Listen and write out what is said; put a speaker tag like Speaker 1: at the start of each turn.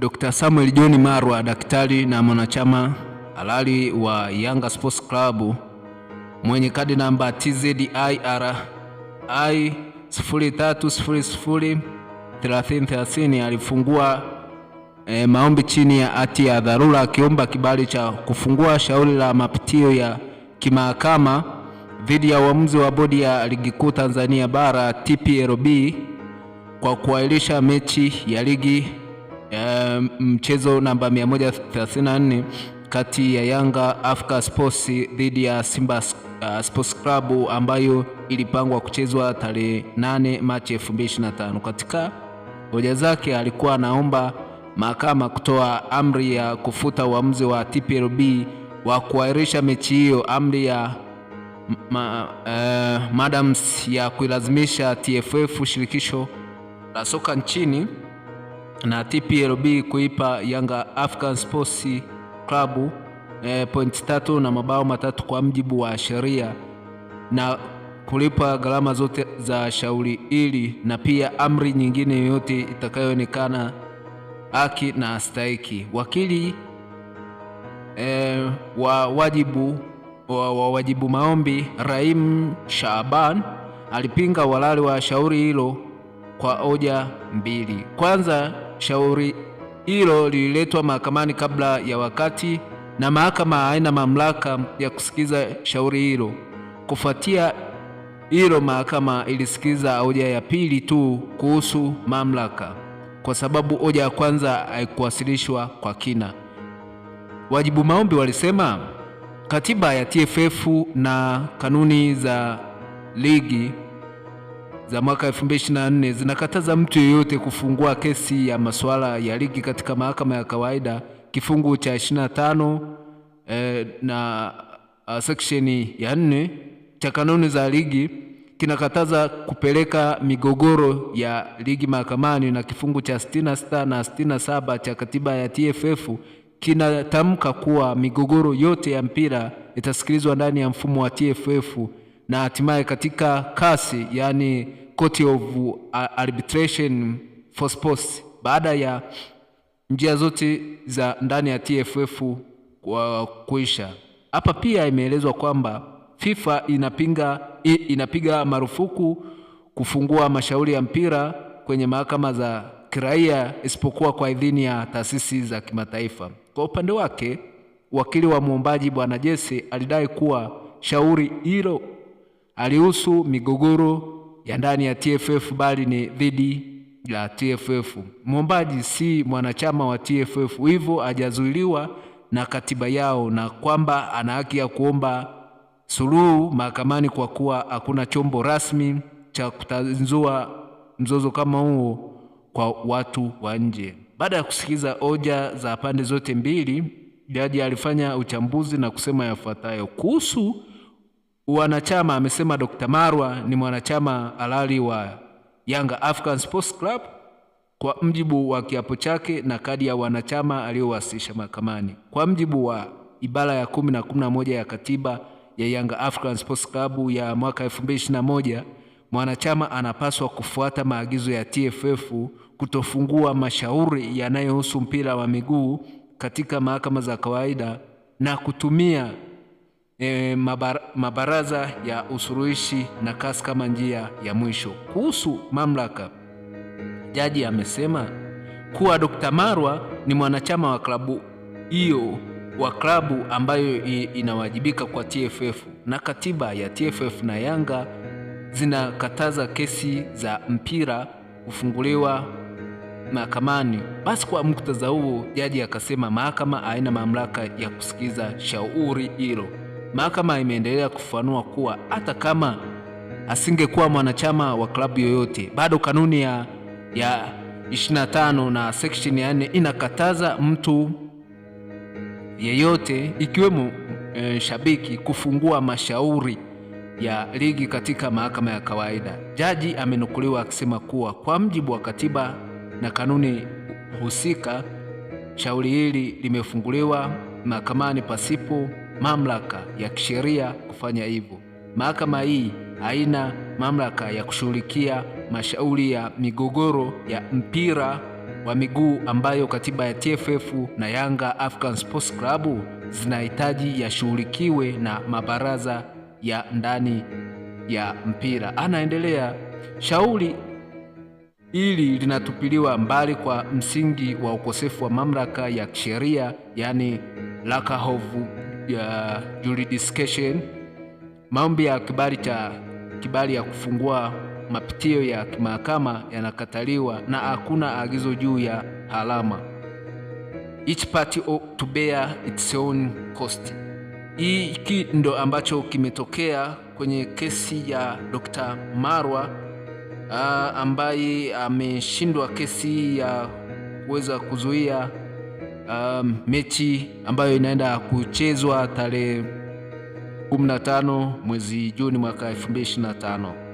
Speaker 1: Dr. Samuel John Marwa, daktari na mwanachama halali wa Yanga Sports Club mwenye kadi namba TZIR I 03003030 alifungua e, maombi chini ya hati ya dharura akiomba kibali cha kufungua shauri la mapitio ya kimahakama dhidi ya uamuzi wa bodi ya ligi kuu Tanzania bara TPLB kwa kuahirisha mechi ya ligi mchezo namba 134 kati ya Yanga Africa Sports dhidi ya Simba uh, Sports Club ambayo ilipangwa kuchezwa tarehe 8 Machi 2025. Katika hoja zake alikuwa anaomba mahakama kutoa amri ya kufuta uamuzi wa TPLB wa kuahirisha mechi hiyo, amri ya ma, uh, madams ya kuilazimisha TFF shirikisho la soka nchini na TPLB kuipa Yanga African Sports Club e, eh, point tatu na mabao matatu kwa mjibu wa sheria na kulipa gharama zote za shauri hili na pia amri nyingine yoyote itakayoonekana haki na stahiki. Wakili e, wa wajibu wa, wa wajibu maombi Rahim Shaaban alipinga uhalali wa shauri hilo kwa hoja mbili. Kwanza shauri hilo lililetwa mahakamani kabla ya wakati na mahakama haina mamlaka ya kusikiza shauri hilo. Kufuatia hilo, mahakama ilisikiza hoja ya pili tu kuhusu mamlaka, kwa sababu hoja ya kwanza haikuwasilishwa kwa kina. Wajibu maombi walisema katiba ya TFF na kanuni za ligi za mwaka 2024 zinakataza mtu yeyote kufungua kesi ya masuala ya ligi katika mahakama ya kawaida kifungu cha 25 eh, na uh, ah, seksheni ya 4 cha kanuni za ligi kinakataza kupeleka migogoro ya ligi mahakamani, na kifungu cha 66 na 67 cha katiba ya TFF kinatamka kuwa migogoro yote ya mpira itasikilizwa ndani ya mfumo wa TFF na hatimaye katika kasi, yani court of arbitration for sports baada ya njia zote za ndani ya TFF uh, kuisha. Hapa pia imeelezwa kwamba FIFA inapinga, inapiga marufuku kufungua mashauri ya mpira kwenye mahakama za kiraia isipokuwa kwa idhini ya taasisi za kimataifa. Kwa upande wake, wakili wa mwombaji Bwana Jesse alidai kuwa shauri hilo alihusu migogoro ya ndani ya TFF bali ni dhidi ya TFF. Mwombaji si mwanachama wa TFF, hivyo hajazuiliwa na katiba yao na kwamba ana haki ya kuomba suluhu mahakamani kwa kuwa hakuna chombo rasmi cha kutanzua mzozo kama huo kwa watu wa nje. Baada ya kusikiza hoja za pande zote mbili, jaji alifanya uchambuzi na kusema yafuatayo kuhusu wanachama, amesema Dr. Marwa ni mwanachama halali wa Yanga African Sports Club kwa mjibu wa kiapo chake na kadi ya wanachama aliyowasilisha mahakamani. Kwa mjibu wa ibara ya kumi na kumi na moja ya katiba ya Yanga African Sports Club ya mwaka 2021 mwanachama anapaswa kufuata maagizo ya TFF kutofungua mashauri yanayohusu mpira wa miguu katika mahakama za kawaida na kutumia e, mabar, mabaraza ya usuluhishi na kasi kama njia ya mwisho. Kuhusu mamlaka, jaji amesema kuwa Dr. Marwa ni mwanachama wa klabu hiyo wa klabu ambayo inawajibika kwa TFF na katiba ya TFF na Yanga zinakataza kesi za mpira kufunguliwa mahakamani. Basi kwa muktadha huo, jaji akasema mahakama haina mamlaka ya kusikiza shauri hilo. Mahakama imeendelea kufafanua kuwa hata kama asingekuwa mwanachama wa klabu yoyote, bado kanuni ya, ya 25 na section ya 4 inakataza mtu yeyote ikiwemo e, shabiki kufungua mashauri ya ligi katika mahakama ya kawaida. Jaji amenukuliwa akisema kuwa kwa mjibu wa katiba na kanuni husika, shauri hili limefunguliwa mahakamani pasipo mamlaka ya kisheria kufanya hivyo. Mahakama hii haina mamlaka ya kushughulikia mashauri ya migogoro ya mpira wa miguu ambayo katiba ya TFF na Yanga African Sports Club zinahitaji yashughulikiwe na mabaraza ya ndani ya mpira. Anaendelea, shauri hili linatupiliwa mbali kwa msingi wa ukosefu wa mamlaka ya kisheria, yani lack of ya jurisdiction, maombi ya kibali cha kibali ya kufungua mapitio ya kimahakama yanakataliwa na hakuna agizo juu ya halama. Each party to bear its own cost. Hiki ndo ambacho kimetokea kwenye kesi ya Dr. Marwa ah, ambaye ameshindwa kesi ya kuweza kuzuia um, mechi ambayo inaenda kuchezwa tarehe 15 mwezi Juni mwaka 2025.